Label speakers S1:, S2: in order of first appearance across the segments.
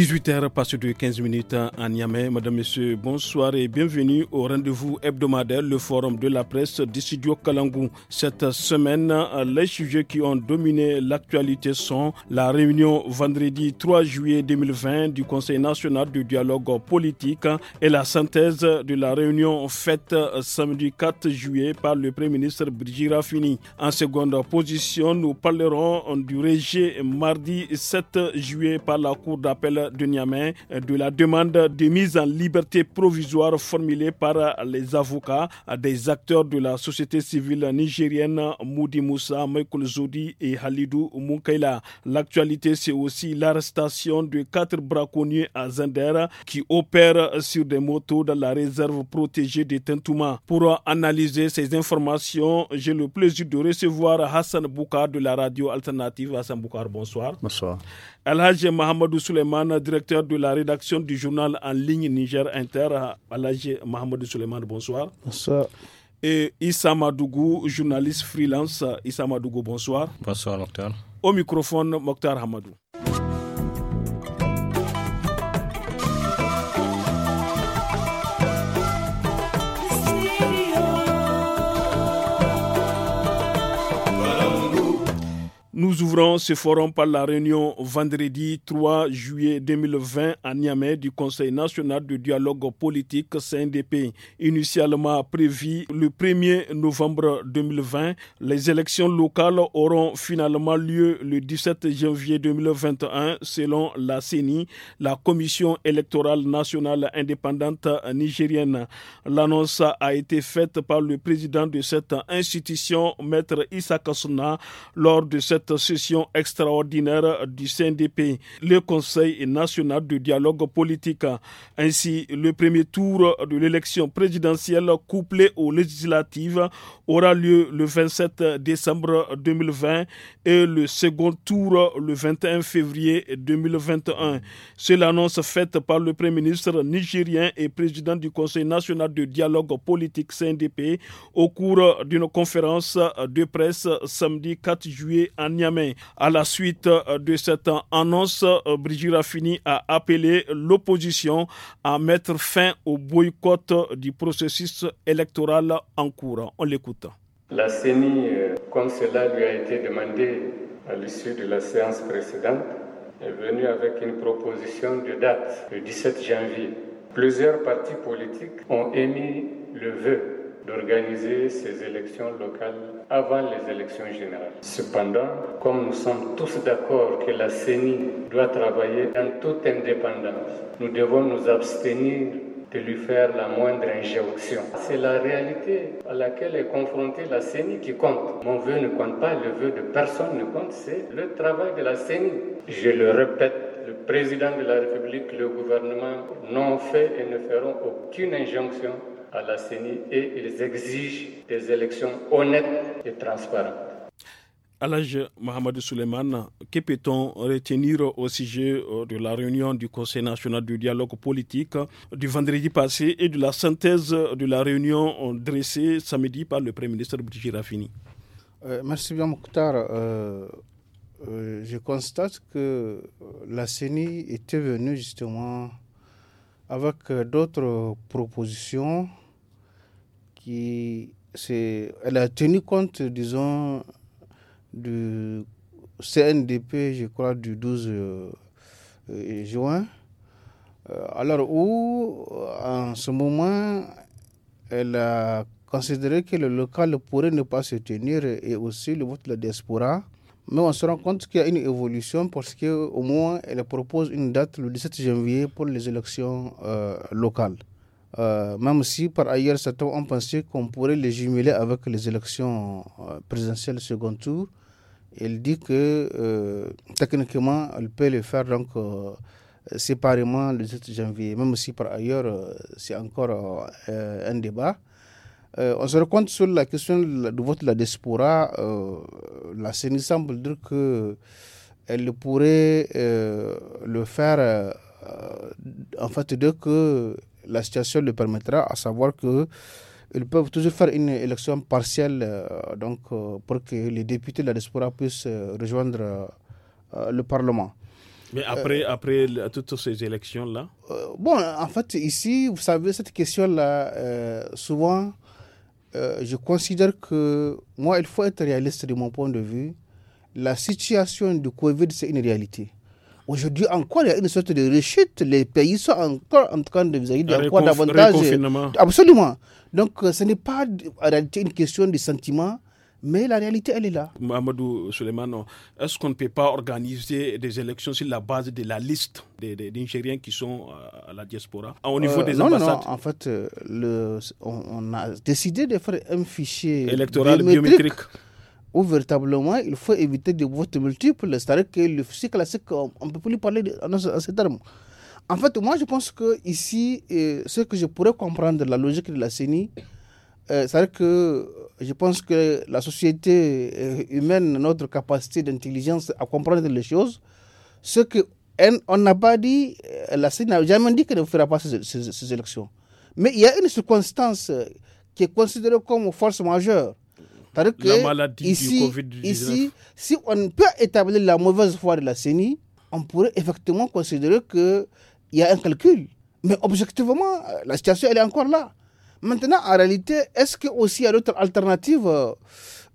S1: 18h passé de 15 minutes à Niamey. Madame, Monsieur, bonsoir et bienvenue au rendez-vous hebdomadaire, le forum de la presse du studio Kalangou. Cette semaine, les sujets qui ont dominé l'actualité sont la réunion vendredi 3 juillet 2020 du Conseil national du dialogue politique et la synthèse de la réunion faite samedi 4 juillet par le Premier ministre Brigitte Raffini. En seconde position, nous parlerons du régime mardi 7 juillet par la Cour d'appel de Niamey de la demande de mise en liberté provisoire formulée par les avocats des acteurs de la société civile nigérienne Moudi Moussa, Michael Zodi et Halidou Moukaila. L'actualité, c'est aussi l'arrestation de quatre braconniers à Zender qui opèrent sur des motos dans la réserve protégée de Tintouma. Pour analyser ces informations, j'ai le plaisir de recevoir Hassan Boukar de la radio alternative. Hassan Boukar, bonsoir. Bonsoir. Alhaj Mohamedou Souleymane directeur de la rédaction du journal en ligne Niger Inter, Alagé Mohamed Souleymane. Bonsoir. Bonsoir. Et Issa Madougou, journaliste freelance. Issa Madougou, bonsoir.
S2: Bonsoir, docteur.
S1: Au microphone, Mokhtar Hamadou. Nous ouvrons ce forum par la réunion vendredi 3 juillet 2020 à Niamey du Conseil national de dialogue politique CNDP. Initialement prévu le 1er novembre 2020, les élections locales auront finalement lieu le 17 janvier 2021 selon la CENI, la Commission électorale nationale indépendante nigérienne. L'annonce a été faite par le président de cette institution, Maître Issa Kassuna, lors de cette session extraordinaire du CNDP, le Conseil national de dialogue politique. Ainsi, le premier tour de l'élection présidentielle couplée aux législatives aura lieu le 27 décembre 2020 et le second tour le 21 février 2021. C'est l'annonce faite par le Premier ministre nigérien et président du Conseil national de dialogue politique CNDP au cours d'une conférence de presse samedi 4 juillet en à la suite euh, de cette annonce, euh, Brigitte Raffini a appelé l'opposition à mettre fin au boycott du processus électoral en cours. On l'écoute.
S3: La CENI, euh, comme cela lui a été demandé à l'issue de la séance précédente, est venue avec une proposition de date, le 17 janvier. Plusieurs partis politiques ont émis le vœu d'organiser ces élections locales avant les élections générales. Cependant, comme nous sommes tous d'accord que la CENI doit travailler en toute indépendance, nous devons nous abstenir de lui faire la moindre injonction. C'est la réalité à laquelle est confrontée la CENI qui compte. Mon vœu ne compte pas, le vœu de personne ne compte, c'est le travail de la CENI. Je le répète le président de la République, le gouvernement n'ont fait et ne feront aucune injonction à la CENI et ils exigent des élections honnêtes et transparentes.
S1: Alage Mohamed Souleymane, que peut-on retenir au sujet euh, de la réunion du Conseil national du dialogue politique du vendredi passé et de la synthèse de la réunion euh, dressée samedi par le Premier ministre Boutigirafini
S4: euh, Merci bien, Mokhtar. je constate que la CENI était venue justement avec d'autres propositions elle a tenu compte, disons, du CNDP, je crois, du 12 euh, euh, juin. Euh, alors où, en ce moment, elle a considéré que le local pourrait ne pas se tenir et aussi le vote de la diaspora. Mais on se rend compte qu'il y a une évolution parce que au moins, elle propose une date, le 17 janvier, pour les élections locales. Euh, même si par ailleurs certains ont pensé qu'on pourrait les jumeler avec les élections euh, présidentielles second tour. Il dit que euh, techniquement, elle peut le faire donc séparément le 7 janvier, même si par ailleurs, c'est encore un débat. on se rend compte sur la question du vote de la diaspora, la CENI semble dire qu'elle pourrait le faire en fait de que la situation le permettra, à savoir que ils peuvent toujours faire une élection partielle euh, donc, euh, pour que les députés de la diaspora puissent euh, rejoindre le Parlement.
S1: Mais après, après toutes ces élections-là Bon, en fait, ici,
S4: vous savez, cette question-là, souvent, je considère que, moi, il faut être réaliste de mon point de vue. La situation du Covid, c'est une réalité. Aujourd'hui encore, il y a une sorte de rechute. Les pays sont encore en train de vis encore davantage. Absolument. Donc, euh, ce n'est pas en réalité une question de sentiment, mais la réalité, elle est là.
S1: Mamadou Souleymane, est-ce qu'on ne peut pas organiser des élections sur la base de la liste des, qui sont euh, à la diaspora, au niveau euh, des ambassades
S4: Non, en fait, le, on, a décidé de faire un fichier électoral biométrique où véritablement il faut éviter des votes multiples. C'est-à-dire que le cycle, classique, on ne peut plus parler en, ces termes. En fait, moi, je pense que ici, euh, ce que je pourrais comprendre de la logique de la CENI, euh, c'est-à-dire que je pense que la société euh, humaine, notre capacité d'intelligence à comprendre les choses, ce que on n'a pas dit, la CENI n'a jamais dit qu'elle ne fera pas ces élections. Mais il y a une circonstance qui est considérée comme force majeure la maladie du que ici, ici, si on peut établir la mauvaise foi de la CENI, on pourrait effectivement considérer qu'il y a un calcul. Mais objectivement, la situation, elle est encore là. Maintenant, en réalité, est-ce qu'il aussi y a d'autres alternatives euh,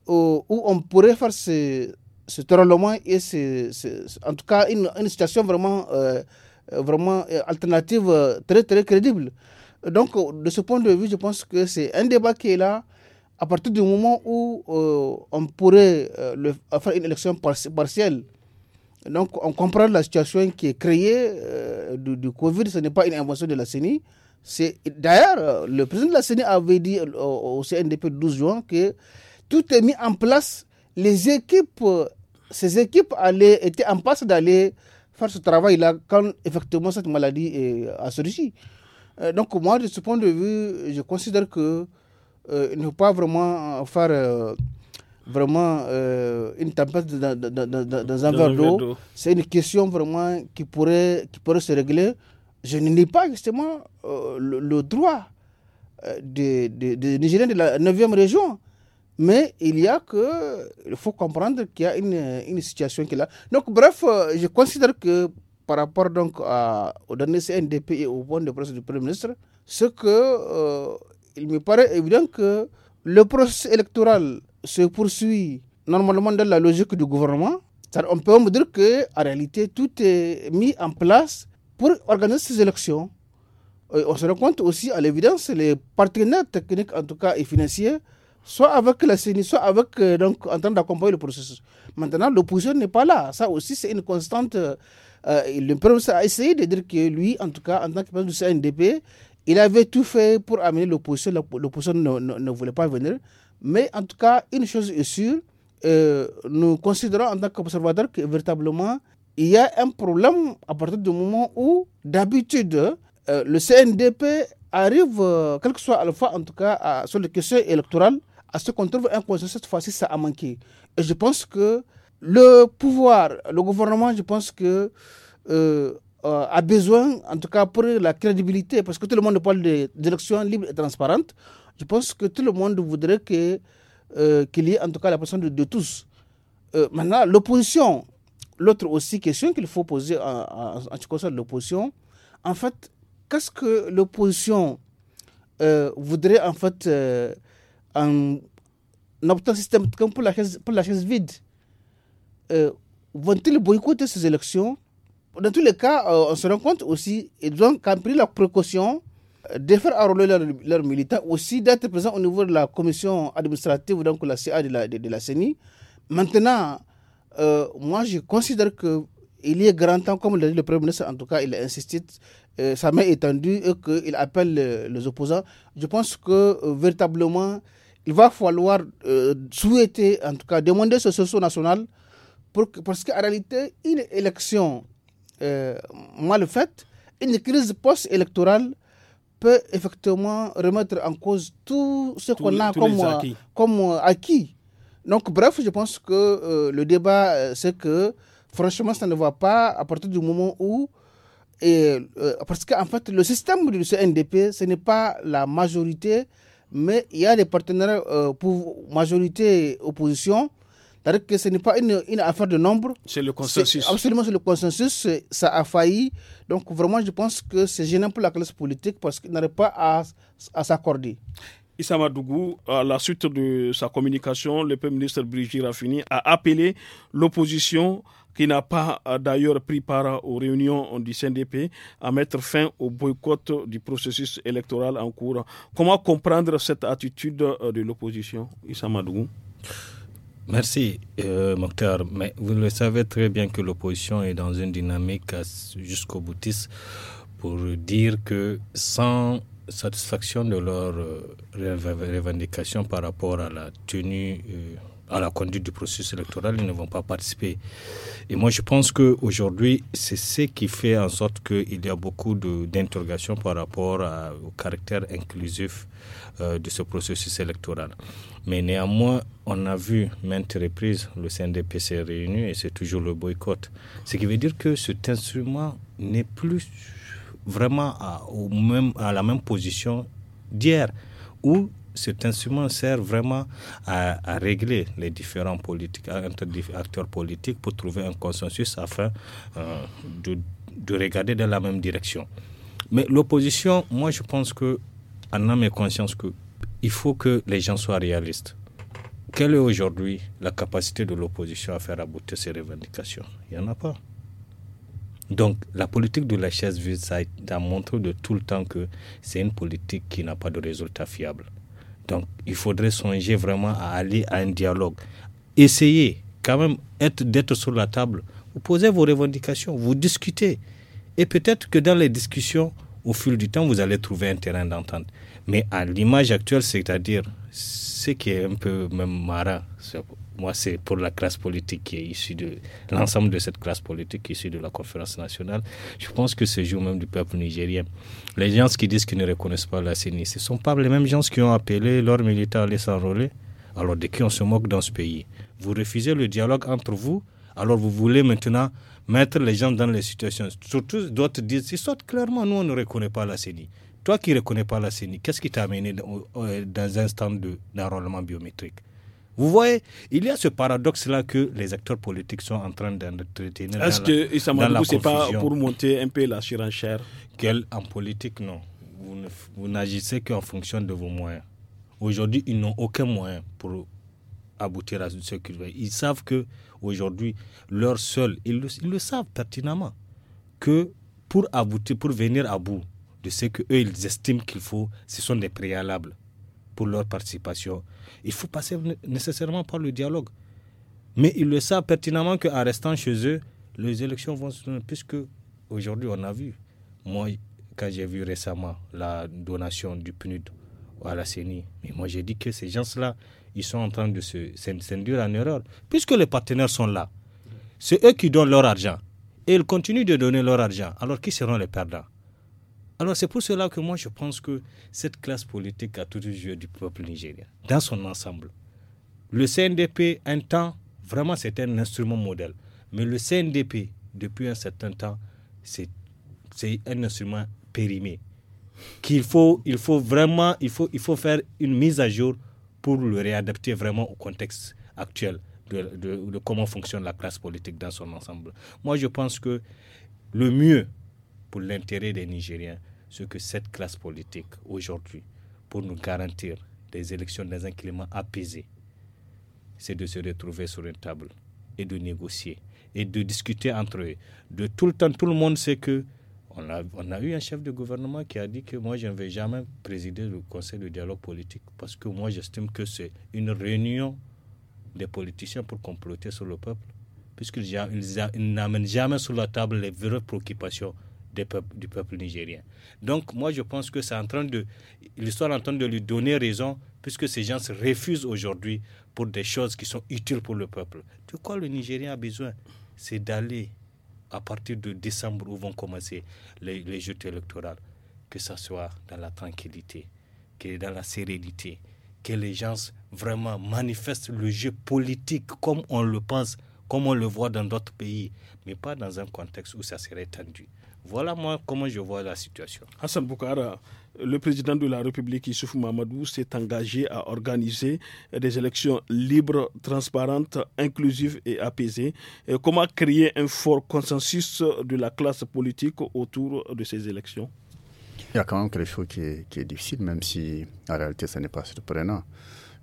S4: où on pourrait faire ce, ce et en tout cas une, une situation vraiment, euh, vraiment euh, alternative très, très crédible Donc, de ce point de vue, je pense que c'est un débat qui est là à partir du moment où euh, on pourrait euh, le, euh, faire une élection partielle, donc on comprend la situation qui est créée du, Covid, ce n'est pas une invention de la CENI. D'ailleurs, le président de la CENI avait dit au CNDP le 12 juin que tout est mis en place, les équipes, ces équipes allaient, étaient en passe d'aller faire ce travail-là quand effectivement cette maladie a surgi. donc moi, de ce point de vue, je considère que euh, ne pas vraiment euh, faire euh, vraiment une tempête dans, un verre d'eau. C'est une question vraiment qui pourrait, qui pourrait se régler. Je ne pas justement le, droit des de, de de la 9e région. Mais il y a que, il faut comprendre qu'il y a une, une situation qui est là. Donc, bref, je considère que par rapport donc au dernier CNDP et au point de presse du Premier ministre, ce que il me paraît évident que le processus électoral se poursuit normalement dans la logique du gouvernement. On peut me dire qu'en réalité, tout est mis en place pour organiser ces élections. on se rend compte aussi, à l'évidence, les partenaires techniques, en tout cas, et financiers, soit avec la CENI, soit avec, euh, donc, en train d'accompagner le processus. Maintenant, l'opposition n'est pas là. Ça aussi, c'est une constante. Euh, euh, le premier a essayé de dire que lui, en tout cas, en tant que président du CNDP, il avait tout fait pour amener l'opposition. L'opposition ne, ne, voulait pas venir. Mais en tout cas, une chose est sûre, euh, nous considérons en tant qu'observateurs que véritablement, il y a un problème à partir du moment où, d'habitude, euh, le CNDP arrive, euh, quelle que soit la fois, en tout cas, sur les questions électorales, à ce qu'on trouve un consensus. Cette fois-ci, ça a manqué. Et je pense que le pouvoir, le gouvernement, je pense que euh, a besoin, en tout cas pour la crédibilité, parce que tout le monde parle d'élections libres et transparentes, je pense que tout le monde voudrait euh, qu'il y ait en tout cas la personne de, tous. Euh, maintenant, l'opposition, l'autre aussi question qu'il faut poser en ce qui concerne l'opposition, en fait, qu'est-ce que l'opposition voudrait en fait en, en un système comme pour la chaise, pour la chaise vide Vont-ils boycotter ces élections dans tous les cas, euh, on se rend compte aussi, ils ont pris la précaution euh, de faire enrôler leurs militants, aussi d'être présents au niveau de la commission administrative, donc la CA de la, de, la CENI. Maintenant, euh, moi, je considère qu'il est grand temps, comme le dit le Premier ministre, en tout cas, il a insisté, sa main tendue, et qu'il appelle les opposants. Je pense que véritablement, il va falloir souhaiter, en tout cas, demander ce socio national, parce qu'en réalité, une élection euh, moi, mal fait, une crise post-électorale peut effectivement remettre en cause tout ce qu'on a comme euh, acquis. comme euh, Donc, bref, je pense que le débat, c'est que franchement, ça ne va pas à partir du moment où. parce qu'en fait, le système du CNDP, ce n'est pas la majorité, mais il y a des partenaires pour majorité opposition c'est-à-dire que ce n'est pas une, affaire de nombre.
S1: C'est le consensus. Absolument,
S4: c'est le consensus. Euh, ça a failli. Donc, vraiment, je pense que c'est gênant pour la classe politique parce qu'il n'arrive pas à, s'accorder.
S1: Issa Madougou, à la suite de sa communication, le Premier ministre Brigitte Raffini a appelé l'opposition qui n'a pas euh, d'ailleurs pris part aux réunions du CNDP, à mettre fin au boycott du processus électoral en cours. Comment comprendre cette attitude euh, de l'opposition,
S2: Issa Madougou Merci, euh, Mokhtar. Mais vous le savez très bien que l'opposition est dans une dynamique jusqu'au boutiste pour dire que sans satisfaction de leurs euh, revendications par rapport à la tenue. Euh, à la conduite du processus électoral, ils ne vont pas participer. Et moi, je pense qu'aujourd'hui, c'est ce qui fait en sorte qu'il y a beaucoup d'interrogations par rapport au caractère inclusif euh, de ce processus électoral. Mais néanmoins, on a vu maintes reprises le CNDP s'est réuni et c'est toujours le boycott. Ce qui veut dire que cet instrument n'est plus vraiment au même, à la même position d'hier, où cet instrument sert vraiment à, régler les différents politiques, acteurs politiques pour trouver un consensus afin euh, de, regarder dans la même direction. Mais l'opposition, moi je pense que, en âme et conscience, que il faut que les gens soient réalistes. Quelle est aujourd'hui la capacité de l'opposition à faire aboutir ses revendications Il n'y en a pas. Donc la politique de la chaise vide, ça a montré de tout le temps que c'est une politique qui n'a pas de résultat fiable. Donc, il faudrait songer vraiment à aller à un dialogue. Essayez quand même être, d'être sur la table. Vous posez vos revendications, vous discutez. Et peut-être que dans les discussions, au fil du temps, vous allez trouver un terrain d'entente. Mais à l'image actuelle, c'est-à-dire, ce qui est un peu même marrant, moi, c'est pour la classe politique qui est issue de l'ensemble de cette classe politique issue de la conférence nationale. Je pense que ce jour même du peuple nigérien, les gens qui disent qu'ils ne reconnaissent pas la CENI, ce ne sont pas les mêmes gens qui ont appelé leurs militaires à aller s'enrôler. Alors, de qui on se moque dans ce pays Vous refusez le dialogue entre vous, alors vous voulez maintenant mettre les gens dans les situations. Surtout, d'autres disent, ils clairement, nous, on ne reconnaît pas la CENI. Toi qui ne reconnais pas la CENI, qu'est-ce qui t'a amené euh, dans un stand d'enrôlement biométrique vous voyez, il y a ce paradoxe-là que les acteurs politiques sont en train d'entretenir. Est-ce que Issa c'est pas pour monter un peu la surenchère Quelle en politique, non. Vous n'agissez qu'en fonction de vos moyens. Aujourd'hui, ils n'ont aucun moyen pour aboutir à ce qu'ils veulent. Ils savent que aujourd'hui, leur seul, ils le, savent pertinemment, que pour aboutir, pour venir à bout de ce que eux ils estiment qu'il faut, ce sont des préalables pour leur participation. Il faut passer nécessairement par le dialogue. Mais ils le savent pertinemment qu'en restant chez eux, les élections vont se donner, puisque aujourd'hui, on a vu. Moi, quand j'ai vu récemment la donation du PNUD à la CENI, mais moi j'ai dit que ces gens-là, ils sont en train de se s'induire en erreur, puisque les partenaires sont là. C'est eux qui donnent leur argent. Et ils continuent de donner leur argent. Alors qui seront les perdants alors c'est pour cela que moi je pense que cette classe politique a toujours joué du peuple nigérien, dans son ensemble. Le CNDP, un temps, vraiment c'était un instrument modèle. Mais le CNDP, depuis un certain temps, c'est un instrument périmé. Qu'il faut, il faut vraiment il faut, il faut faire une mise à jour pour le réadapter vraiment au contexte actuel de comment fonctionne la classe politique dans son ensemble. Moi je pense que le mieux, pour l'intérêt des Nigériens, ce que cette classe politique aujourd'hui, pour nous garantir des élections dans un climat apaisé, c'est de se retrouver sur une table et de négocier et de discuter entre eux. De tout le temps, tout le monde sait que on a, on a eu un chef de gouvernement qui a dit que moi, je ne vais jamais présider le Conseil de dialogue politique parce que moi, j'estime que c'est une réunion des politiciens pour comploter sur le peuple, puisqu'ils n'amènent jamais sur la table les vraies préoccupations du peuple nigérien. Donc moi je pense que c'est en train de l'histoire en train de lui donner raison puisque ces gens se refusent aujourd'hui pour des choses qui sont utiles pour le peuple. De quoi le Nigérien a besoin C'est d'aller à partir de décembre où vont commencer les, jeux électoraux, que ça soit dans la tranquillité, que dans la sérénité, que les gens vraiment manifestent le jeu politique comme on le pense, comme on le voit dans d'autres pays, mais pas dans un contexte où ça serait tendu. Voilà moi comment je vois la situation. Hassan Boukara, le président de la République, Issouf Mamadou,
S1: s'est engagé à organiser des élections libres, transparentes, inclusives et apaisées. comment créer un fort consensus de la classe politique autour de ces élections
S3: Il y a quand même quelque chose qui est, qui est difficile, même si en réalité ce n'est pas surprenant.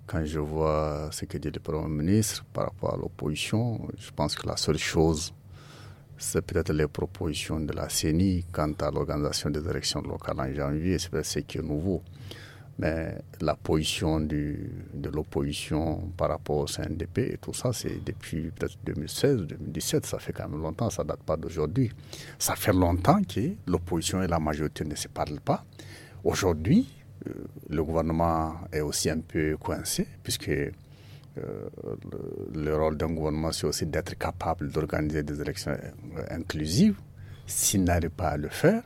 S3: Quand je vois ce que dit le Premier ministre par rapport à l'opposition, je pense que la seule chose c'est peut-être les propositions de la CENI quant à l'organisation des élections locales en janvier, c'est peut-être ce qui est nouveau. Mais la position du, de l'opposition par rapport au CNDP et tout ça, c'est depuis peut-être 2016, 2017, ça fait quand même longtemps, ça date pas d'aujourd'hui. Ça fait longtemps que l'opposition et la majorité ne se parlent pas. Aujourd'hui, euh, le gouvernement est aussi un peu coincé, puisque euh, le rôle d'un gouvernement, c'est aussi d'être capable d'organiser des élections euh, inclusives. S'il n'arrive pas à le faire,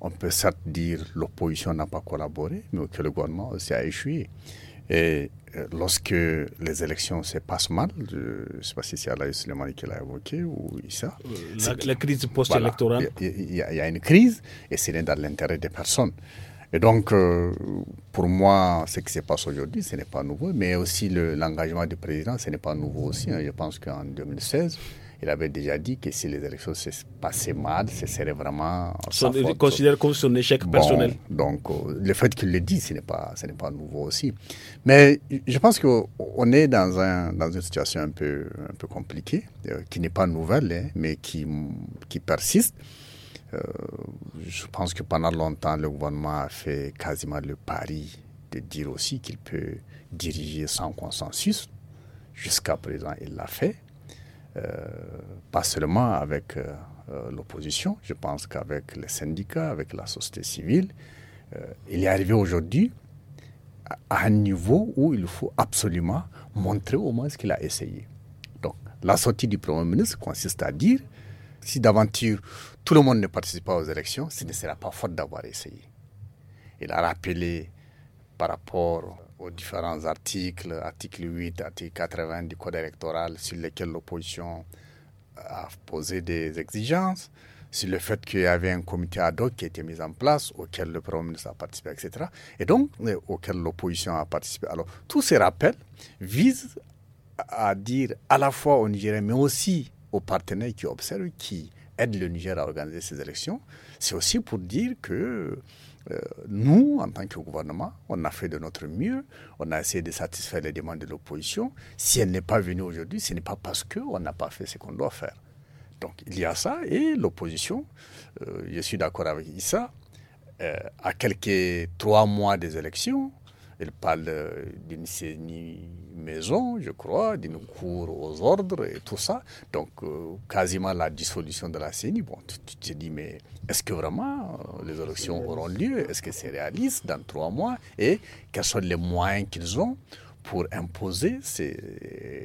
S3: on peut certes dire l'opposition n'a pas collaboré, mais que le gouvernement aussi a échoué. Et euh, lorsque les élections se passent mal, je ne sais pas si c'est le Suleimani qui l'a évoqué ou Issa. La, crise post-électorale. Il, y, a une crise et c'est dans l'intérêt des personnes. Et donc, euh, pour moi, ce qui se passe aujourd'hui, ce n'est pas nouveau, mais aussi l'engagement du président, ce n'est pas nouveau aussi. Hein. Je pense qu'en 2016, il avait déjà dit que si les élections se passaient mal, ce serait vraiment. Il considère
S1: comme son échec personnel.
S3: Donc, euh, le fait qu'il le dise, ce n'est pas, ce pas nouveau aussi. Mais je pense qu'on est dans, un, dans une situation un peu, un peu compliquée, euh, qui n'est pas nouvelle, hein, mais qui, qui persiste. Euh, je pense que pendant longtemps, le gouvernement a fait quasiment le pari de dire aussi qu'il peut diriger sans consensus. Jusqu'à présent, il l'a fait. Euh, pas seulement avec euh, l'opposition, je pense qu'avec les syndicats, avec la société civile. il est arrivé aujourd'hui à un niveau où il faut absolument montrer au moins ce qu'il a essayé. Donc, la sortie du Premier ministre consiste à dire si d'aventure tout le monde ne participe pas aux élections, ce ne sera pas faute d'avoir essayé. Il a rappelé par rapport aux différents articles, article 8, article 80 du Code électoral, sur lesquels l'opposition a posé des exigences, sur le fait qu'il y avait un comité ad hoc qui a été mis en place, auquel le Premier ministre a participé, etc. Et donc, euh, auquel l'opposition a participé. Alors, tous ces rappels visent à dire à la fois au Nigeria, mais aussi aux partenaires qui observent, qui aident le Niger à organiser ces élections, c'est aussi pour dire que euh, nous, en tant que gouvernement, on a fait de notre mieux, on a essayé de satisfaire les demandes de l'opposition. Si elle n'est pas venue aujourd'hui, ce n'est pas parce qu'on n'a pas fait ce qu'on doit faire. Donc il y a ça, et l'opposition, euh, je suis d'accord avec Issa, euh, à quelques trois mois des élections, il parle euh, d'une semi-maison, je crois, d'une cour aux ordres et tout ça. Donc, euh, quasiment la dissolution de la CENI. Bon, tu, te dis, mais est-ce que vraiment euh, les élections auront lieu Est-ce que c'est réaliste dans trois mois Et quels sont les moyens qu'ils ont pour imposer,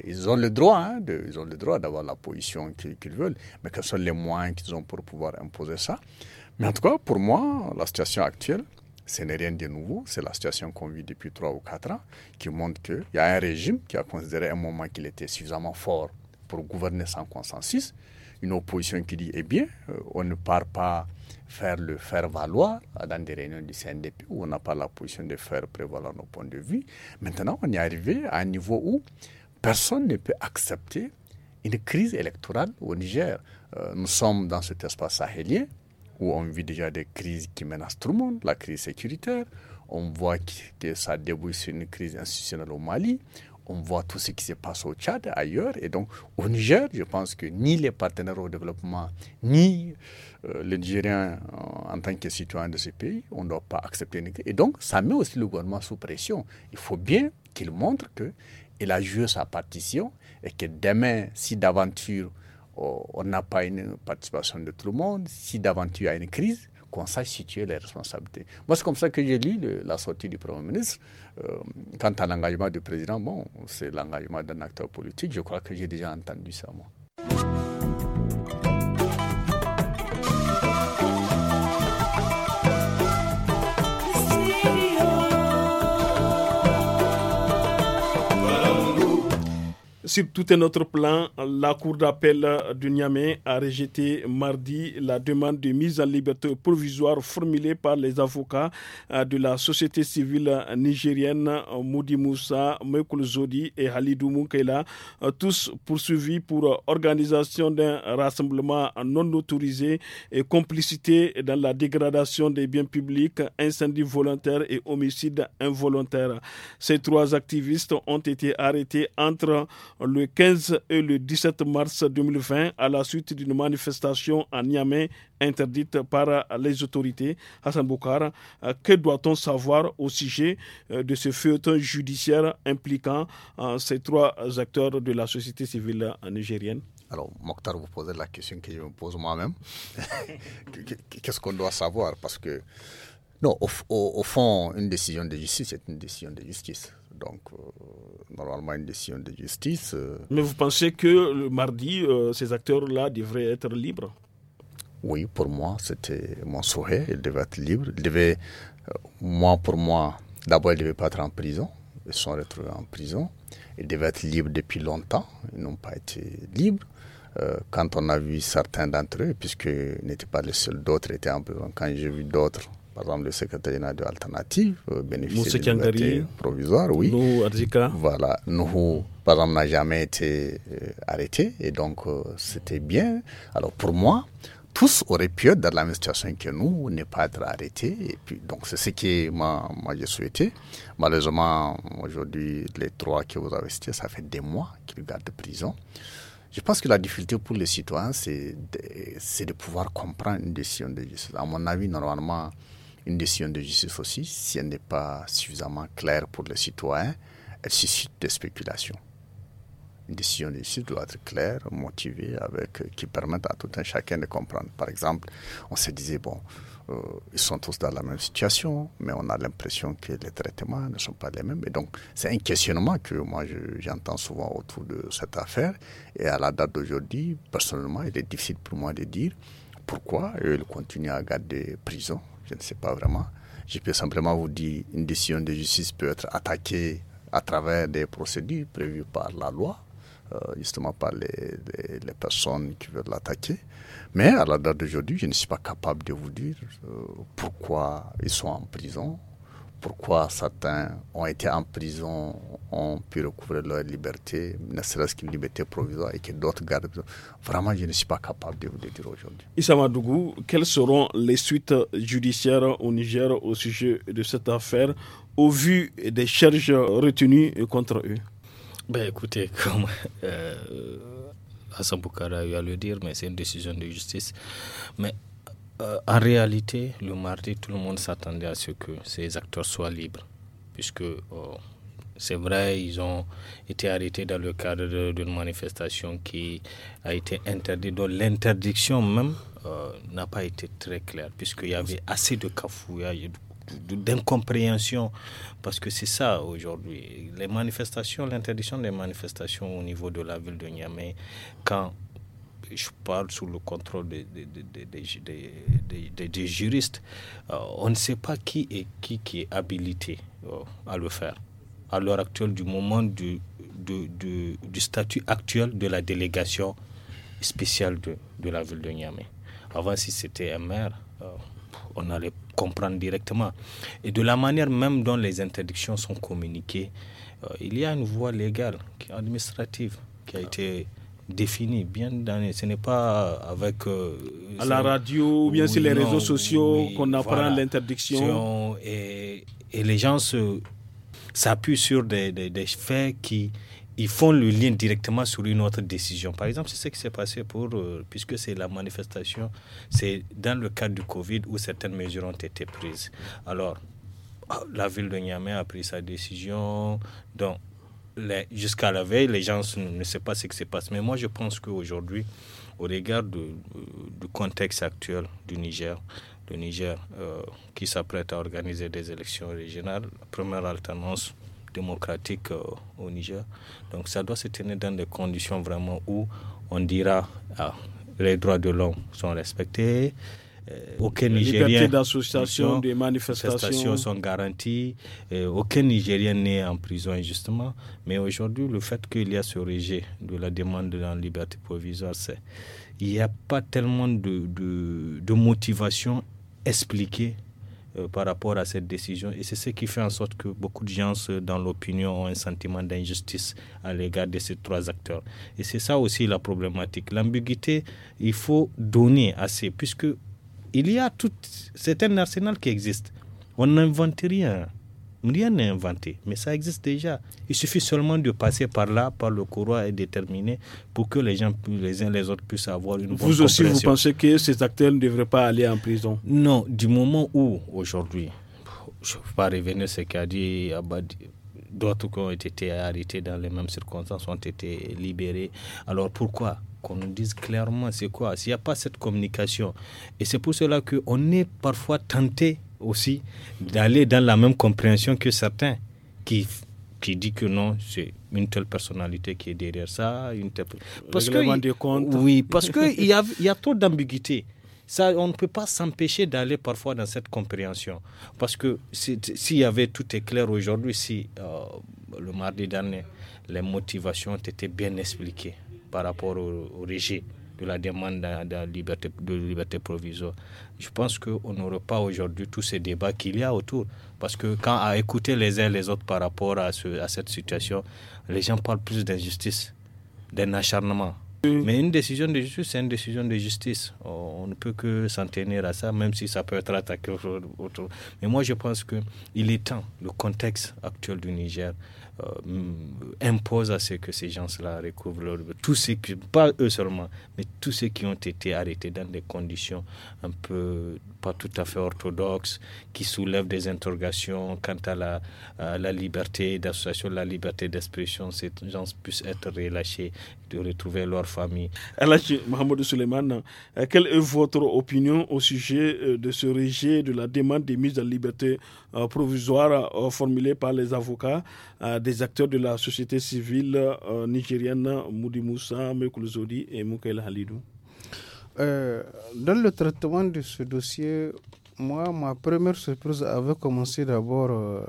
S3: ils ont le droit, hein, ils ont le droit d'avoir la position qu'ils veulent, mais quels sont les moyens qu'ils ont pour pouvoir imposer ça Mais en tout cas, pour moi, la situation actuelle, ce n'est rien de nouveau, c'est la situation qu'on vit depuis 3 ou 4 ans, qui montre qu'il y a un régime qui a considéré à un moment qu'il était suffisamment fort pour gouverner sans consensus, une opposition qui dit, eh bien, euh, on ne part pas faire le faire valoir dans des réunions du CNDP où on n'a pas la position de faire prévaloir nos points de vue. Maintenant, on est arrivé à un niveau où personne ne peut accepter une crise électorale au Niger. Euh, nous sommes dans cet espace sahélien, où on vit déjà des crises qui menacent tout le monde, la crise sécuritaire, on voit que ça débouche sur une crise institutionnelle au Mali, on voit tout ce qui se passe au Tchad, ailleurs. Et donc, au Niger, je pense que ni les partenaires au développement, ni euh, les Nigériens euh, en tant que citoyens de ce pays, on ne doit pas accepter une crise. Et donc, ça met aussi le gouvernement sous pression. Il faut bien qu'il montre qu'il a joué sa partition et que demain, si d'aventure on n'a pas une participation de tout le monde. Si d'aventure il y a une crise, qu'on sache situer les responsabilités. Moi, c'est comme ça que j'ai lu la sortie du Premier ministre. Euh, quant à l'engagement du président, bon, c'est l'engagement d'un acteur politique. Je crois que j'ai déjà entendu ça, moi.
S1: Sur tout un autre plan, la Cour d'appel de Niamey a rejeté mardi la demande de mise en liberté provisoire formulée par les avocats euh, de la société civile nigérienne Moudi Moussa, Mekul Zodi et Halidou Moukela, euh, tous poursuivis pour organisation d'un rassemblement non autorisé et complicité dans la dégradation des biens publics, incendie volontaire et homicide involontaire. Ces trois activistes ont été arrêtés entre le 15 et le 17 mars 2020 à la suite d'une manifestation à Niamey interdite par les autorités. Hassan Boukar, euh, que doit-on savoir au sujet euh, de ce feuilleton judiciaire impliquant euh, ces trois acteurs de la société civile nigérienne alors, Mokhtar, vous posez la question que je me pose moi-même. Qu'est-ce qu'on
S3: doit savoir Parce que non, au, fond, une décision de justice est une décision de justice. Donc, euh, normalement, une décision de justice. Euh,
S1: Mais vous pensez que le mardi, euh, ces acteurs-là devraient être libres
S3: Oui, pour moi, c'était mon souhait. Ils devaient être libres. Ils devaient, moi, pour moi, d'abord, ils ne devaient pas être en prison. Ils sont retrouvés en prison. Ils devaient être libres depuis longtemps. Ils n'ont pas été libres quand on a vu certains d'entre eux, puisqu'ils n'étaient pas les seuls, d'autres étaient en prison. Quand j'ai vu d'autres par exemple le secrétaire de alternative euh, bénéficie de provisoire, oui. Nous, voilà, nous, par exemple, n'a jamais été arrêtés. Euh, arrêté et donc euh, c'était bien. Alors pour moi, tous auraient pu être dans la même situation que nous, ne pas être arrêtés. Et puis, donc, c'est ce que moi, moi j'ai souhaité. Malheureusement, aujourd'hui, les trois que vous avez cités, ça fait des mois qu'ils gardent prison. Je pense que la difficulté pour les citoyens, c'est de, pouvoir comprendre une décision de justice. À mon avis, normalement, une décision de justice aussi, si elle n'est pas suffisamment claire pour les citoyens, elle suscite des spéculations. Une décision de justice doit être claire, motivée, avec, euh, qui permette à tout un chacun de comprendre. Par exemple, on se disait, bon, euh, ils sont tous dans la même situation, mais on a l'impression que les traitements ne sont pas les mêmes. Et donc, c'est un questionnement que moi, j'entends souvent autour de cette affaire. Et à la date d'aujourd'hui, personnellement, il est difficile pour moi de dire pourquoi ils continuent à garder prison je ne sais pas vraiment. Je peux simplement vous dire qu'une décision de justice peut être attaquée à travers des procédures prévues par la loi, euh, justement par les, personnes qui veulent l'attaquer. Mais à la date d'aujourd'hui, je ne suis pas capable de vous dire euh, pourquoi ils sont en prison, pourquoi certains ont été en prison, ont pu recouvrir leur liberté, ne serait-ce qu'une liberté provisoire, et que d'autres gardent. Vraiment, je ne suis pas capable de vous le dire aujourd'hui.
S1: Issa Madougou, quelles seront les suites judiciaires au Niger au sujet de cette affaire, au vu des charges retenues contre eux
S2: ben Écoutez, comme euh, Hassan Boukara a eu à le dire, mais c'est une décision de justice. Mais euh, en réalité, le mardi, tout le monde s'attendait à ce que ces acteurs soient libres, puisque oh, c'est vrai, ils ont été arrêtés dans le cadre d'une manifestation qui a été interdite, dont l'interdiction même euh, n'a pas été très claire, puisqu'il y avait assez de cafouillage, d'incompréhension, parce que c'est ça aujourd'hui. Les manifestations, l'interdiction des manifestations au niveau de la ville de Niamey, quand je parle sous le contrôle des, des, des, des juristes, euh, on ne sait pas qui est qui, qui est habilité euh, à le faire. À l'heure actuelle, du moment du, du, du, statut actuel de la délégation spéciale de, de la ville de Niamey. Avant, si c'était un maire, euh, on allait comprendre directement. Et de la manière même dont les interdictions sont communiquées, il y a une voie légale, administrative, qui a ah. été défini, bien donné. Ce n'est pas avec. Euh, à la radio ou bien sur les réseaux sociaux qu'on apprend l'interdiction. Et, les gens s'appuient sur des, des, faits qui. Ils font le lien directement sur une autre décision. Par exemple, c'est ce qui s'est passé pour, euh, puisque c'est la manifestation, c'est dans le cadre du Covid où certaines mesures ont été prises. Alors, ah, la ville de Niamey a pris sa décision. Donc, jusqu'à la veille, les gens ne savent pas ce qui se passe. Mais moi, je pense qu'aujourd'hui, au regard du, euh, du contexte actuel du Niger, le Niger euh, qui s'apprête à organiser des élections régionales, la première alternance démocratique euh, au Niger. Donc ça doit se tenir dans des conditions vraiment où on dira que ah, les droits de l'homme sont respectés, euh, aucun libertés d'association, de manifestations sont garanties. Euh, aucun Nigérien n'est en prison injustement. Mais aujourd'hui, le fait qu'il y a ce rejet de la demande la liberté provisoire, c'est il n'y a pas tellement de, motivation expliquée euh, par rapport à cette décision. Et c'est ce qui fait en sorte que beaucoup de gens dans l'opinion ont un sentiment d'injustice à l'égard de ces trois acteurs. Et c'est ça aussi la problématique. L'ambiguïté, il faut donner assez, puisque il y a tout, c'est un arsenal qui existe. On n'invente rien. Rien n'est inventé, mais ça existe déjà. Il suffit seulement de passer par là, par le courroie et déterminer pour que les gens, les uns les autres, puissent avoir une bonne Vous aussi, vous pensez
S1: que ces acteurs ne devraient pas aller en prison Non,
S2: du moment où, aujourd'hui, je ne peux pas revenir ce qu'a dit Abadi, d'autres qui ont été arrêtés dans les mêmes circonstances ont été libérés. Alors pourquoi qu'on nous dise clairement c'est quoi. S'il n'y a pas cette communication, et c'est pour cela qu'on est parfois tenté aussi d'aller dans la même compréhension que certains qui qui dit que non, c'est une telle personnalité qui est derrière ça, une telle... Parce que, Oui, parce qu'il y a, y a trop d'ambiguïté. Ça, on ne peut pas s'empêcher d'aller parfois dans cette compréhension. Parce que s'il y avait tout est clair aujourd'hui, si euh, le mardi dernier, les motivations ont été bien expliquées, par rapport au, régime de la demande de, liberté, de liberté provisoire. Je pense qu'on n'aurait pas aujourd'hui tous ces débats qu'il y a autour. Parce que quand à écouter les uns les autres par rapport à, ce, à cette situation, les gens parlent plus d'injustice, d'un acharnement. Mais une décision de justice, c'est une décision de justice. On ne peut que s'en tenir à ça, même si ça peut être attaqué autour. Mais moi, je pense qu'il est temps, le contexte actuel du Niger, euh, impose à ce que ces gens-là recouvrent leur... Tous ceux pas eux seulement, mais tous ceux qui ont été arrêtés dans des conditions un peu pas tout à fait orthodoxes, qui soulèvent des interrogations quant à la, la liberté d'association, la liberté d'expression, ces gens puissent être relâchés, de retrouver leur famille.
S1: Mohamed Suleiman, euh, quelle est votre opinion au sujet euh, de ce rejet de la demande des mises en liberté provisoire formulée par les avocats des acteurs de la société civile euh, nigérienne, Moudi Moussa, Zodi et Moukaila Halidou euh, Dans le traitement de ce dossier,
S4: moi, ma première surprise avait commencé d'abord euh,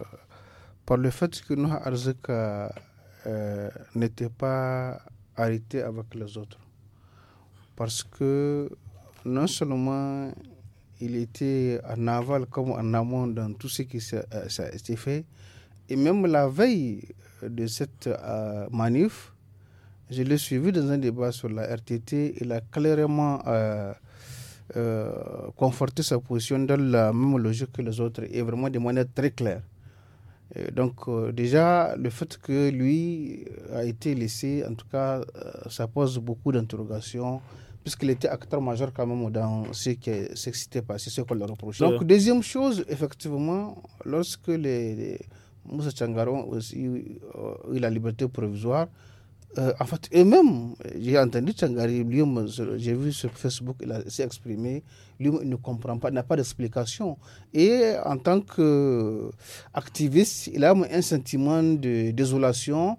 S4: par le fait que Noah Arzeka n'était pas arrêté avec les autres. Parce que non seulement il était en aval comme en amont dans tout ce qui s'est fait, et même la veille euh, de cette euh, manif, je l'ai suivi dans un débat sur la RTT. Il a clairement euh, conforté sa position dans la même logique que les autres et vraiment de manière très claire. donc déjà, le fait que lui a été laissé, en tout cas, ça pose beaucoup d'interrogations puisqu'il était acteur majeur quand même dans ce qui s'était passé, ce qu'on leur reprochait. Donc deuxième chose, effectivement, lorsque les Moussa Tchangaron aussi, euh, la liberté provisoire. Euh, en fait, eux-mêmes, j'ai entendu Tchangari, j'ai vu sur Facebook, il s'est exprimé, lui, il ne comprend pas, n'a pas d'explication. Et en tant qu'activiste, il a un sentiment de désolation,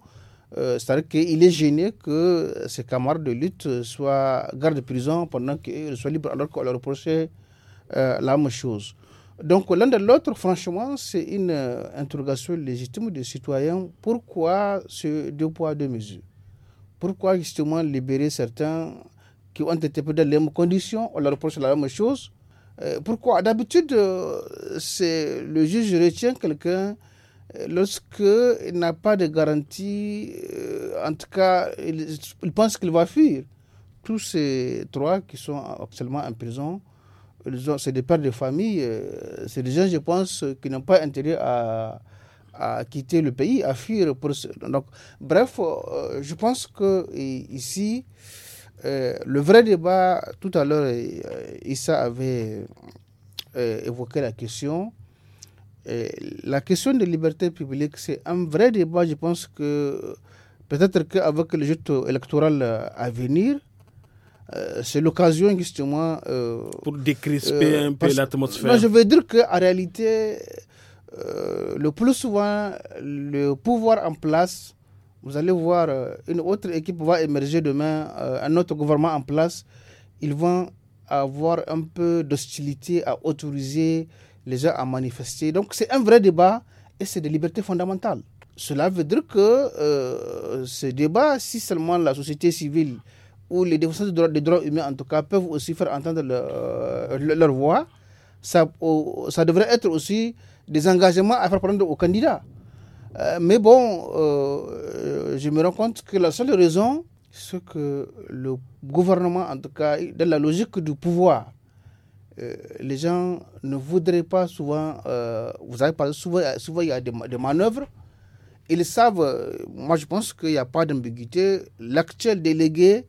S4: euh, c'est-à-dire qu'il est gêné que ses camarades de lutte soient gardes de prison pendant qu'ils soient libres, alors qu'on leur reprochait euh, la même chose. Donc l'un de l'autre, franchement, c'est une euh, interrogation légitime des citoyens. Pourquoi ce deux poids, deux mesures Pourquoi justement libérer certains qui ont été dans les mêmes conditions, on leur reproche la même chose euh, Pourquoi D'habitude, euh, c'est le juge retient quelqu'un lorsqu'il n'a pas de garantie, en tout cas, il, il pense qu'il va fuir. Tous ces trois qui sont actuellement en prison, c'est des pères de famille, euh, c'est des gens, je pense, qui n'ont pas intérêt à, quitter le pays, à fuir. Pour Donc, bref, euh, je pense que ici, euh, le vrai débat, tout à l'heure, Issa avait évoqué la question. la question de liberté publique, c'est un vrai débat, je pense que peut-être qu'avec le jeu électoral à venir, euh, c'est l'occasion justement... Euh, pour décrisper euh, un peu l'atmosphère. je veux dire qu'en réalité, le plus souvent, le pouvoir en place, vous allez voir, une autre équipe va émerger demain, un autre gouvernement en place, ils vont avoir un peu d'hostilité à autoriser les gens à manifester. Donc c'est un vrai débat et c'est des libertés fondamentales. Cela veut dire que ce débat, si seulement la société civile où les défenseurs des droits, humains, en tout cas, peuvent aussi faire entendre euh, leur voix. Ça, devrait être aussi des engagements à faire prendre aux candidats. Euh, mais bon, euh, je me rends compte que la seule raison, c'est que le gouvernement, en tout cas, dans la logique du pouvoir, les gens ne voudraient pas souvent, vous avez parlé, souvent, souvent il y a des, des manœuvres. Ils savent, moi je pense qu'il n'y a pas d'ambiguïté. L'actuel délégué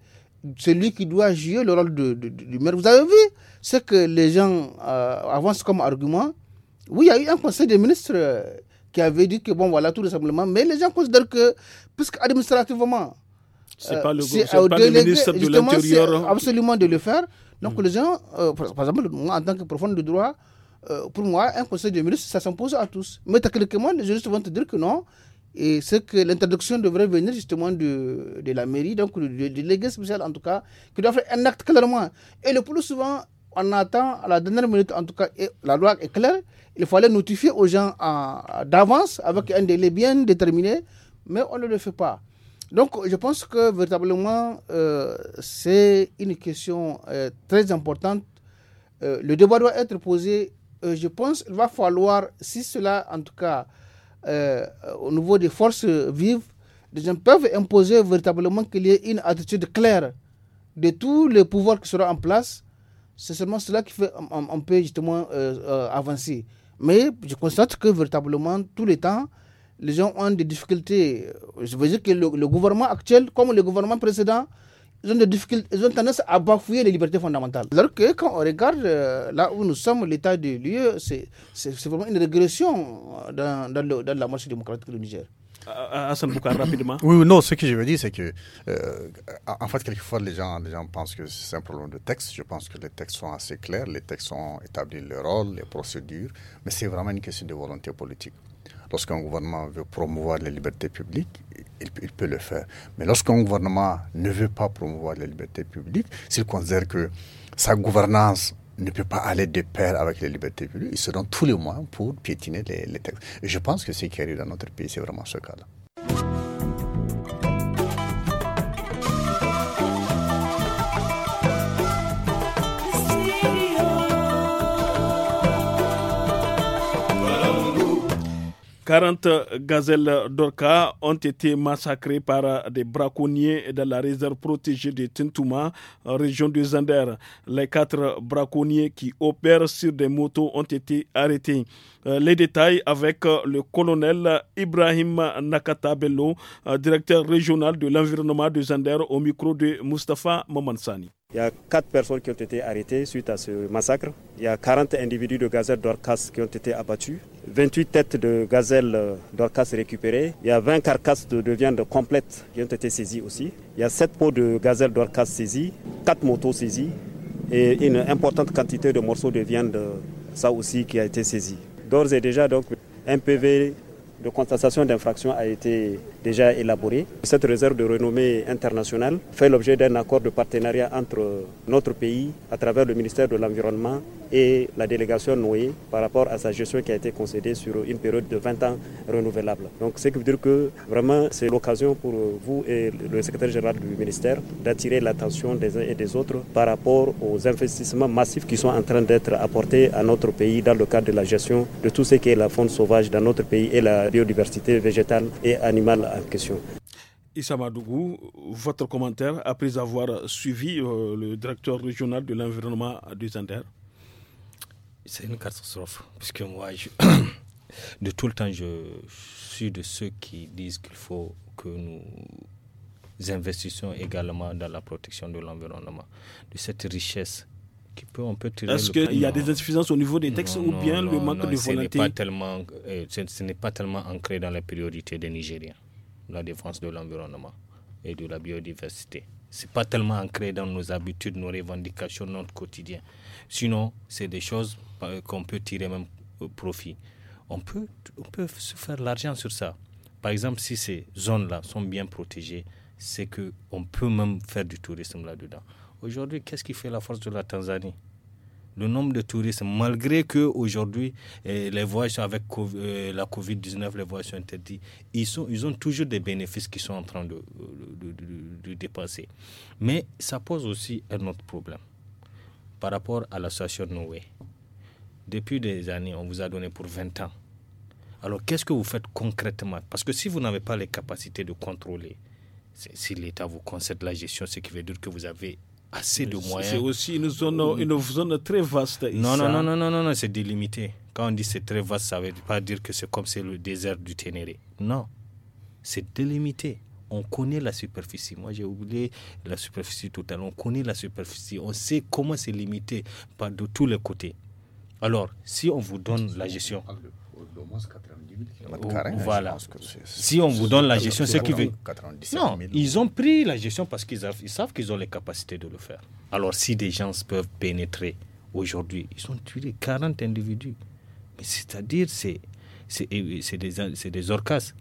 S4: celui qui doit jouer le rôle de, du maire. Vous avez vu ce que les gens euh, avancent comme argument. Oui, il y a eu un conseil des ministres euh, qui avait dit que, bon, voilà, tout simplement, mais les gens considèrent que, puisque administrativement,
S1: c'est pas le, euh, pas de l'Intérieur. Hein,
S4: absolument de le faire. Donc, mm. les gens, par, exemple, moi, en tant que profonde de droit, pour moi, un conseil des ministres, ça s'impose à tous. Mais techniquement, les juristes vont te dire que non, et c'est que l'introduction devrait venir justement de, de la mairie, donc du délégué spécial en tout cas, qui doit faire un acte clairement. Et le plus souvent, on attend à la dernière minute, en tout cas, et la loi est claire, il fallait notifier aux gens d'avance avec un délai bien déterminé, mais on ne le fait pas. Donc, je pense que véritablement, euh, c'est une question euh, très importante. Euh, le débat doit être posé. je pense qu'il va falloir, si cela, en tout cas, euh, au niveau des forces vives, les gens peuvent imposer véritablement qu'il y ait une attitude claire de tous les pouvoirs qui seront en place. C'est seulement cela qui fait on, peut justement euh, euh, avancer. Mais je constate que véritablement, tous les temps, les gens ont des difficultés. Je veux dire que le gouvernement actuel, comme le gouvernement précédent, ils ont, tendance à bafouer les libertés fondamentales. Alors que quand on regarde euh, là où nous sommes, l'état du lieu, c'est vraiment une régression euh, dans, dans, la marche démocratique du Niger.
S1: Euh, Hassan Boukar, rapidement. Oui,
S3: non, ce que je veux dire, c'est que, en fait, quelquefois, les gens, les gens pensent que c'est un problème de texte. Je pense que les textes sont assez clairs, les textes ont établi le rôle, les procédures, mais c'est vraiment une question de volonté politique. Lorsqu'un gouvernement veut promouvoir les libertés publiques, il, peut le faire. Mais lorsqu'un gouvernement ne veut pas promouvoir les libertés publiques, s'il considère que sa gouvernance ne peut pas aller de pair avec les libertés publiques, il se donne tous les moyens pour piétiner les, textes. je pense que ce qui arrive dans notre pays, c'est vraiment ce cas-là.
S1: 40 gazelles d'orca ont été massacrées par des braconniers dans la réserve protégée de Tintouma, région de Zander. Les quatre braconniers qui opèrent sur des motos ont été arrêtés. Euh, les détails avec euh, le colonel Ibrahim Nakatabello, euh, directeur régional de l'environnement de Zander, au micro de Mustafa
S5: Mamansani. Il y a quatre personnes qui ont été arrêtées suite à ce massacre. Il y a 40 individus de gazelles d'orcas qui ont été abattus. 28 têtes de gazelle euh, d'orcas récupérées. Il y a 20 carcasses de, viande complète qui ont été saisies aussi. Il y a 7 pots de gazelle d'orcas saisies, 4 motos saisies et une importante quantité de morceaux de viande, euh, ça aussi, qui a été saisi. D'ores et déjà, donc, un PV de constatation d'infraction a été déjà élaboré. Cette réserve de renommée internationale fait l'objet d'un accord de partenariat entre euh, notre pays à travers le ministère de l'Environnement et la délégation Noé par rapport à sa gestion qui a été concédée sur une période de 20 ans renouvelable. Donc, ce qui veut dire que vraiment, c'est l'occasion pour vous et le secrétaire général du ministère d'attirer l'attention des uns et des autres par rapport aux investissements massifs qui sont en train d'être apportés à notre pays dans le cadre de la gestion de tout ce qui est la faune sauvage dans notre pays et la biodiversité végétale et animale en question.
S1: Issa votre commentaire après avoir suivi euh, le directeur régional de l'environnement du Zander. C'est une
S2: catastrophe, puisque moi, de tout le temps, je suis de ceux qui disent qu'il faut que nous investissions également dans la protection de l'environnement, de cette richesse qui peut, on peut tirer. Est-ce qu'il y a des insuffisances au niveau des textes ou bien le manque de volonté pas tellement, euh, Ce n'est pas tellement ancré dans les priorités des Nigériens, la défense de l'environnement et de la biodiversité. Ce n'est pas tellement ancré dans nos habitudes, nos revendications, notre quotidien. Sinon, c'est des choses qu'on peut tirer même profit. On peut, on peut se faire l'argent sur ça. Par exemple, si ces zones-là sont bien protégées, c'est qu'on peut même faire du tourisme là-dedans. Aujourd'hui, qu'est-ce qui fait la force de la Tanzanie le nombre de touristes, malgré que aujourd'hui eh, les voyages avec euh, la Covid-19, les voyages sont interdits, ils, sont, ils ont toujours des bénéfices qui sont en train de, euh, de, de, de dépasser. Mais ça pose aussi un autre problème par rapport à l'association Noé depuis des années, on vous a donné pour 20 ans. Alors qu'est-ce que vous faites concrètement Parce que si vous n'avez pas les capacités de contrôler, si l'État vous concède la gestion, ce qui veut dire que vous avez assez de moyens. C'est
S1: aussi une zone, une zone très vaste. Non, non, non,
S2: non, non, non, c'est délimité. Quand on dit c'est très vaste, ça ne veut pas dire que c'est comme c'est le désert du Ténéré. Non, c'est délimité. On connaît la superficie. Moi, j'ai oublié la superficie totale. On connaît la superficie. On sait comment c'est limité par de tous les côtés. Alors, si on vous donne la gestion,
S3: voilà. Si on vous donne la gestion, c'est qui veut. Non,
S2: ils ont pris la gestion parce qu'ils savent qu'ils ont les capacités de le faire. Alors, si des gens peuvent pénétrer aujourd'hui, ils ont tué 40 individus. Mais c'est-à-dire, c'est des, des orcas.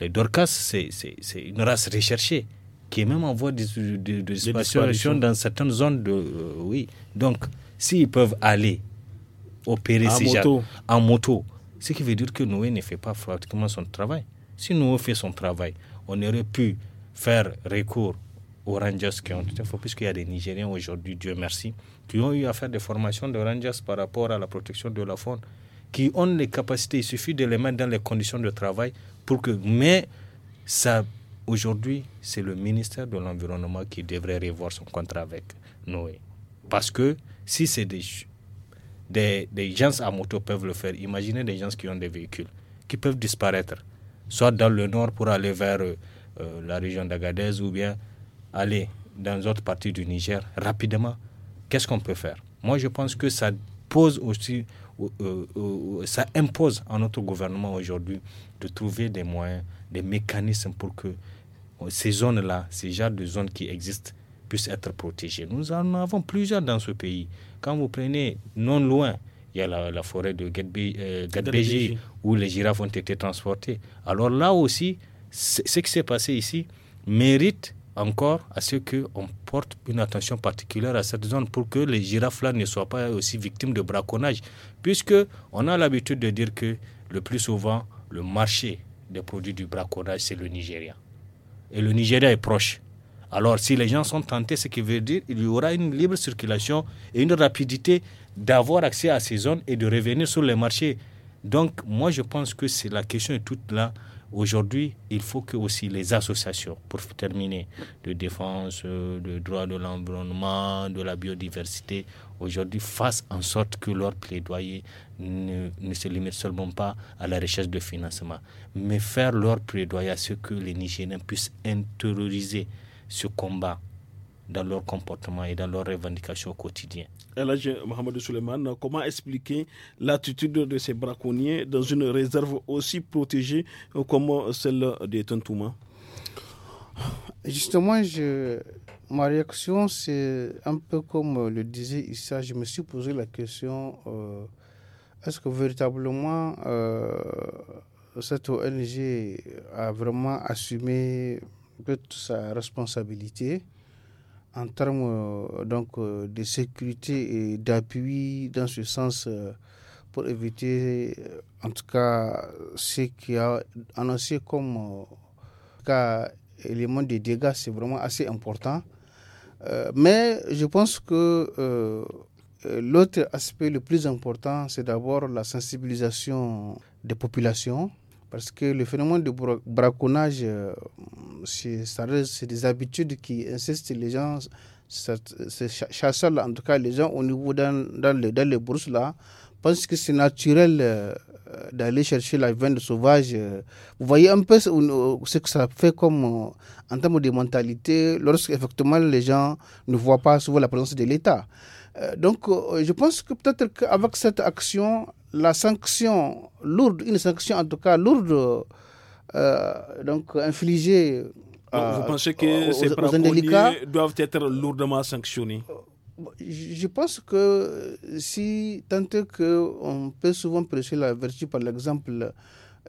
S2: Les orcas, c'est une race recherchée qui est même en voie de, disparition dans certaines zones. De, euh, oui. Donc, s'ils peuvent aller opérer ces Gens, en moto. Ce qui veut dire que Noé ne fait pas pratiquement son travail. Si Noé fait son travail, on aurait pu faire recours aux Rangers qui ont été puisqu'il y a des Nigériens aujourd'hui, Dieu merci, qui ont eu à faire des formations de Rangers par rapport à la protection de la faune, qui ont les capacités, il suffit de les mettre dans les conditions de travail pour que. Mais ça, aujourd'hui, c'est le ministère de l'Environnement qui devrait revoir son contrat avec Noé. Parce que si c'est des des, gens à moto peuvent le faire. Imaginez des gens qui ont des véhicules, qui peuvent disparaître, soit dans le nord pour aller vers euh, la région d'Agadez ou bien aller dans d'autres parties du Niger rapidement. Qu'est-ce qu'on peut faire Moi, je pense que ça pose aussi, euh, euh, ça impose à notre gouvernement aujourd'hui de trouver des moyens, des mécanismes pour que ces zones-là, ces genres de zones qui existent, puissent être protégées. Nous en avons plusieurs dans ce pays. Quand vous prenez non loin, il y a la, forêt de Gadbeji euh, où les girafes ont été transportées. Alors là aussi, ce qui s'est passé ici mérite encore à ce qu'on porte une attention particulière à cette zone pour que les girafes là ne soient pas aussi victimes de braconnage. Puisque on a l'habitude de dire que le plus souvent, le marché des produits du braconnage, c'est le Nigeria. Et le Nigeria est proche. Alors si les gens sont tentés, ce qui veut dire qu'il y aura une libre circulation et une rapidité d'avoir accès à ces zones et de revenir sur les marchés. Donc moi je pense que c'est la question est toute là. Aujourd'hui, il faut que aussi les associations, pour terminer, de défense, euh, de droit de l'environnement, de la biodiversité, aujourd'hui fassent en sorte que leur plaidoyer ne, se limite seulement pas à la recherche de financement, mais faire leur plaidoyer à ce que les Nigériens puissent intérioriser ce combat dans leur comportement et dans leurs revendications au quotidien.
S1: Elage Mohamed Souleymane, comment expliquer l'attitude de ces braconniers dans une réserve aussi protégée comme celle de
S4: Justement, je, ma réaction, c'est un peu comme le disait Issa, je me suis posé la question, euh, est-ce que véritablement euh, cette ONG a vraiment assumé toute sa responsabilité en termes euh, donc, euh, de sécurité et d'appui dans ce sens euh, pour éviter en tout cas ce qui a annoncé comme cas élément de dégâts, c'est vraiment assez important. mais je pense que l'autre aspect le plus important, c'est d'abord la sensibilisation des populations parce que le phénomène de braconnage, euh, c'est des habitudes qui insistent les gens, ces chasseurs-là, en tout cas les gens au niveau dans, dans, les là, pensent que c'est naturel euh, d'aller chercher la viande sauvage. Euh. Vous voyez un peu ce que ça fait comme en termes de mentalité, lorsque effectivement les gens ne voient pas souvent la présence de l'État. donc je pense que peut-être qu'avec cette action, la sanction lourde, une sanction en tout cas lourde, euh, donc
S1: infligée. vous pensez que aux, ces doivent être lourdement sanctionnés euh,
S4: Je pense que si tant est qu'on peut souvent prêcher la vertu par l'exemple,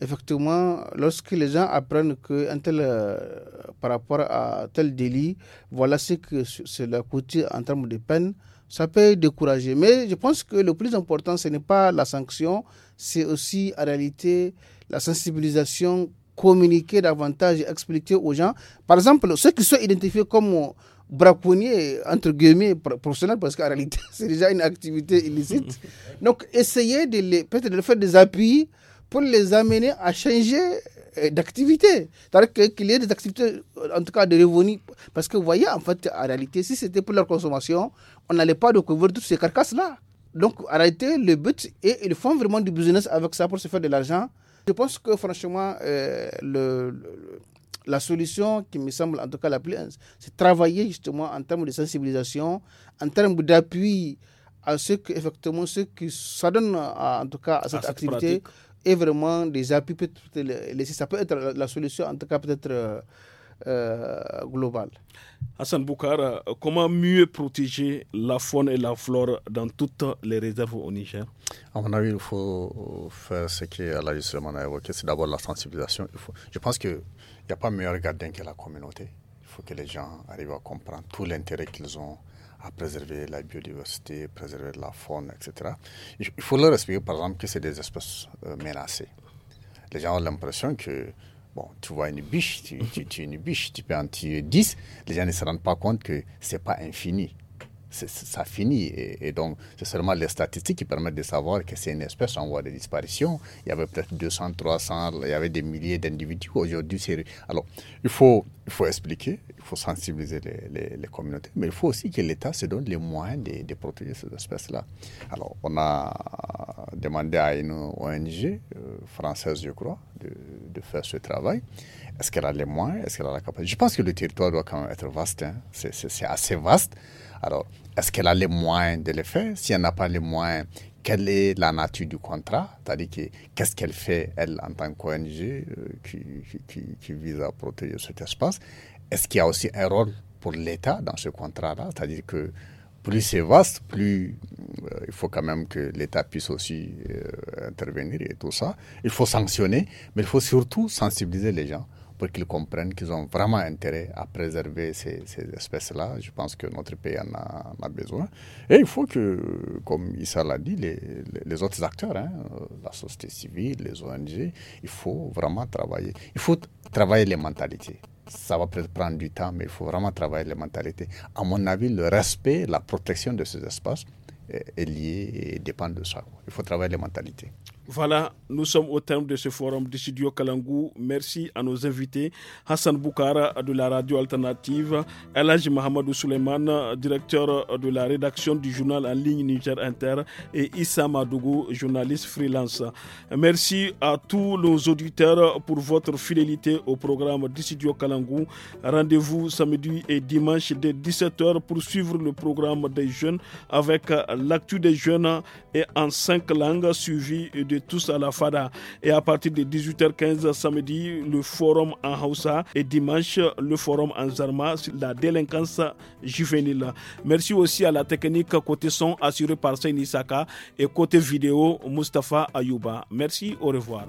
S4: effectivement, lorsque les gens apprennent qu'un tel, euh, par rapport à tel délit, voilà ce que c'est cela coûte en termes de peine, ça peut décourager. Mais je pense que le plus important, ce n'est pas la sanction, c'est aussi en réalité la sensibilisation, communiquer davantage, expliquer aux gens. Par exemple, ceux qui sont identifiés comme braconniers, entre guillemets, professionnels, parce qu'en réalité, c'est déjà une activité illicite. Donc, essayer de les, peut-être de faire des appuis pour les amener à changer eh, d'activité. Qu'il y ait des activités, euh, en tout cas de revenus. Parce que vous voyez, en fait, en réalité, si c'était pour leur consommation, on n'allait pas découvrir toutes ces carcasses-là. Donc, en réalité, le but, et ils font vraiment du business avec ça pour se faire de l'argent. Je pense que, franchement, euh, le, la solution qui me semble en tout cas la plus, c'est travailler justement en termes de sensibilisation, en termes d'appui à ceux, effectivement, ceux qui s'adonnent en tout cas à cette, activité et vraiment des appuis, peut ça peut être la solution, en tout cas
S1: peut-être euh, euh, globale. Hassan Boukara, euh, comment mieux protéger la faune et la flore dans toutes les réserves au Niger À mon avis, il
S3: faut faire ce qui Suleiman a évoqué, c'est d'abord la sensibilisation. Il faut... Je pense qu'il n'y a pas meilleur gardien que la communauté. Il faut que les gens arrivent à comprendre tout l'intérêt qu'ils ont à préserver la biodiversité, préserver la faune, etc. Il faut leur expliquer, par exemple, que c'est des espèces euh, menacées. Les gens ont l'impression que, bon, tu vois une biche, tu, tu, une biche, tu peux en tuer 10. Les gens ne se rendent pas compte que ce n'est pas infini ça finit. Et, donc, c'est seulement les statistiques qui permettent de savoir que c'est une espèce en voie de disparition. Il y avait peut-être 200, 300, il y avait des milliers d'individus. Aujourd'hui, c'est... Alors, il faut, il faut expliquer, il faut sensibiliser les, communautés, mais il faut aussi que l'État se donne les moyens de, protéger ces espèces-là. Alors, on a demandé à une ONG euh, française, je crois, de, faire ce travail. Est-ce qu'elle a les moyens Est-ce qu'elle a la capacité Je pense que le territoire doit quand même être vaste. Hein. C'est assez vaste. Alors, est-ce qu'elle a les moyens de le faire Si elle n'a pas les moyens, quelle est la nature du contrat C'est-à-dire qu'est-ce qu'elle fait, elle, en tant qu'ONG euh, qui, qui, qui, vise à protéger cet espace Est-ce qu'il y a aussi un rôle pour l'État dans ce contrat-là C'est-à-dire que plus c'est vaste, plus euh, il faut quand même que l'État puisse aussi euh, intervenir et tout ça. Il faut sanctionner, mais il faut surtout sensibiliser les gens pour qu'ils comprennent qu'ils ont vraiment intérêt à préserver ces, espèces-là. Je pense que notre pays en a, besoin. Et il faut que, comme Issa l'a dit, les, autres acteurs, hein, la société civile, les ONG, il faut vraiment travailler. Il faut travailler les mentalités. Ça va prendre du temps, mais il faut vraiment travailler les mentalités. À mon avis, le respect, la protection de ces espaces est, est lié et dépend de ça. Il faut travailler les mentalités.
S1: Voilà, nous sommes au terme de ce forum Dissidio studio Kalangou. Merci à nos invités, Hassan Boukara de la radio alternative, Elhaj Mohamedou Suleiman, directeur de la rédaction du journal en ligne Niger Inter et Issa Madougou, journaliste freelance. Merci à tous nos auditeurs pour votre fidélité au programme Dissidio studio Kalangou. Rendez-vous samedi et dimanche dès 17h pour suivre le programme des jeunes avec l'actu des jeunes et en cinq langues suivi de tous à la Fada. Et à partir de 18h15 samedi, le forum en Hausa et dimanche, le forum en Zarma sur la délinquance juvénile. Merci aussi à la technique côté son assurée par Seine Isaka et côté vidéo Mustapha Ayouba. Merci, au revoir.